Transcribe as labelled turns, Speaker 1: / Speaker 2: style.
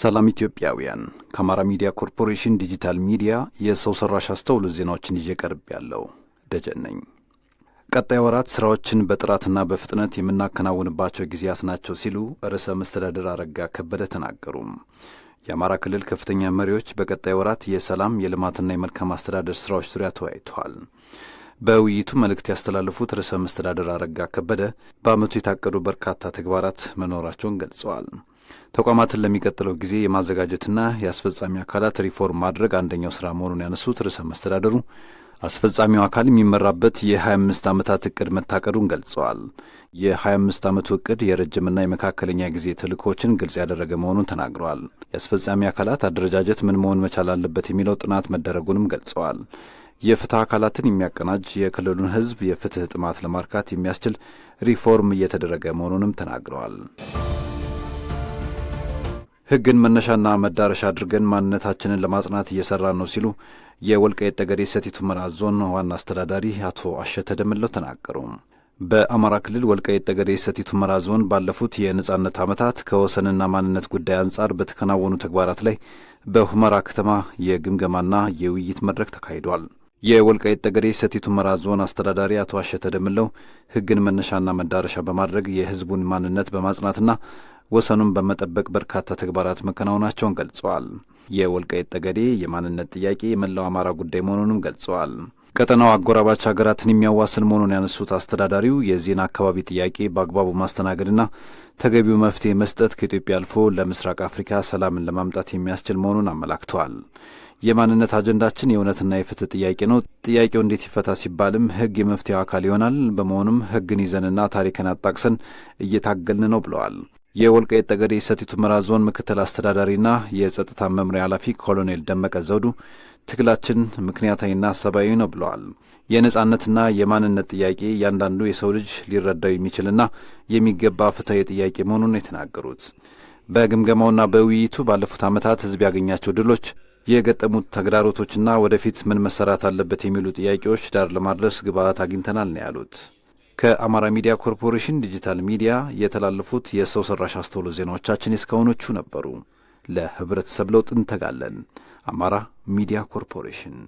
Speaker 1: ሰላም ኢትዮጵያውያን፣ ከአማራ ሚዲያ ኮርፖሬሽን ዲጂታል ሚዲያ የሰው ሰራሽ አስተውሎት ዜናዎችን ይዤ ቀርብ ያለው ደጀን ነኝ። ቀጣይ ወራት ስራዎችን በጥራትና በፍጥነት የምናከናውንባቸው ጊዜያት ናቸው ሲሉ ርዕሰ መስተዳደር አረጋ ከበደ ተናገሩም። የአማራ ክልል ከፍተኛ መሪዎች በቀጣይ ወራት የሰላም የልማትና የመልካም አስተዳደር ስራዎች ዙሪያ ተወያይተዋል። በውይይቱ መልእክት ያስተላለፉት ርዕሰ መስተዳደር አረጋ ከበደ በዓመቱ የታቀዱ በርካታ ተግባራት መኖራቸውን ገልጸዋል። ተቋማትን ለሚቀጥለው ጊዜ የማዘጋጀትና የአስፈጻሚ አካላት ሪፎርም ማድረግ አንደኛው ስራ መሆኑን ያነሱት ርዕሰ መስተዳደሩ አስፈጻሚው አካል የሚመራበት የ25 ዓመታት እቅድ መታቀዱን ገልጸዋል። የ25 ዓመቱ እቅድ የረጅምና የመካከለኛ ጊዜ ትልኮችን ግልጽ ያደረገ መሆኑን ተናግረዋል። የአስፈጻሚ አካላት አደረጃጀት ምን መሆን መቻል አለበት የሚለው ጥናት መደረጉንም ገልጸዋል። የፍትህ አካላትን የሚያቀናጅ የክልሉን ህዝብ የፍትህ ጥማት ለማርካት የሚያስችል ሪፎርም እየተደረገ መሆኑንም ተናግረዋል። ህግን መነሻና መዳረሻ አድርገን ማንነታችንን ለማጽናት እየሰራ ነው ሲሉ የወልቃይት ጠገዴ ሰቲት ሁመራ ዞን ዋና አስተዳዳሪ አቶ አሸተ ደምለው ተናገሩ። በአማራ ክልል ወልቃይት ጠገዴ ሰቲት ሁመራ ዞን ባለፉት የነጻነት ዓመታት ከወሰንና ማንነት ጉዳይ አንጻር በተከናወኑ ተግባራት ላይ በሁመራ ከተማ የግምገማና የውይይት መድረክ ተካሂዷል። የወልቃይት ጠገዴ ሰቲት ሁመራ ዞን አስተዳዳሪ አቶ አሸተ ደምለው ህግን መነሻና መዳረሻ በማድረግ የህዝቡን ማንነት በማጽናትና ወሰኑን በመጠበቅ በርካታ ተግባራት መከናወናቸውን ገልጸዋል። የወልቃይት ጠገዴ የማንነት ጥያቄ የመላው አማራ ጉዳይ መሆኑንም ገልጸዋል። ቀጠናው አጎራባች ሀገራትን የሚያዋስን መሆኑን ያነሱት አስተዳዳሪው የዚህን አካባቢ ጥያቄ በአግባቡ ማስተናገድና ተገቢው መፍትሄ መስጠት ከኢትዮጵያ አልፎ ለምስራቅ አፍሪካ ሰላምን ለማምጣት የሚያስችል መሆኑን አመላክተዋል። የማንነት አጀንዳችን የእውነትና የፍትህ ጥያቄ ነው። ጥያቄው እንዴት ይፈታ ሲባልም ህግ የመፍትሄው አካል ይሆናል። በመሆኑም ህግን ይዘንና ታሪክን አጣቅሰን እየታገልን ነው ብለዋል። የወልቃይት ጠገዴ ሰቲት ሁመራ ዞን ምክትል አስተዳዳሪና የጸጥታ መምሪያ ኃላፊ ኮሎኔል ደመቀ ዘውዱ ትግላችን ምክንያታዊና ሰብአዊ ነው ብለዋል። የነጻነትና የማንነት ጥያቄ እያንዳንዱ የሰው ልጅ ሊረዳው የሚችልና የሚገባ ፍትሐዊ ጥያቄ መሆኑን የተናገሩት በግምገማውና በውይይቱ ባለፉት ዓመታት ህዝብ ያገኛቸው ድሎች የገጠሙት ተግዳሮቶችና ወደፊት ምን መሰራት አለበት የሚሉ ጥያቄዎች ዳር ለማድረስ ግብዓት አግኝተናል ነው ያሉት። ከአማራ ሚዲያ ኮርፖሬሽን ዲጂታል ሚዲያ የተላለፉት የሰው ሰራሽ አስተውሎት ዜናዎቻችን የእስካሁኖቹ ነበሩ። ለህብረተሰብ ለውጥ እንተጋለን። አማራ ሚዲያ ኮርፖሬሽን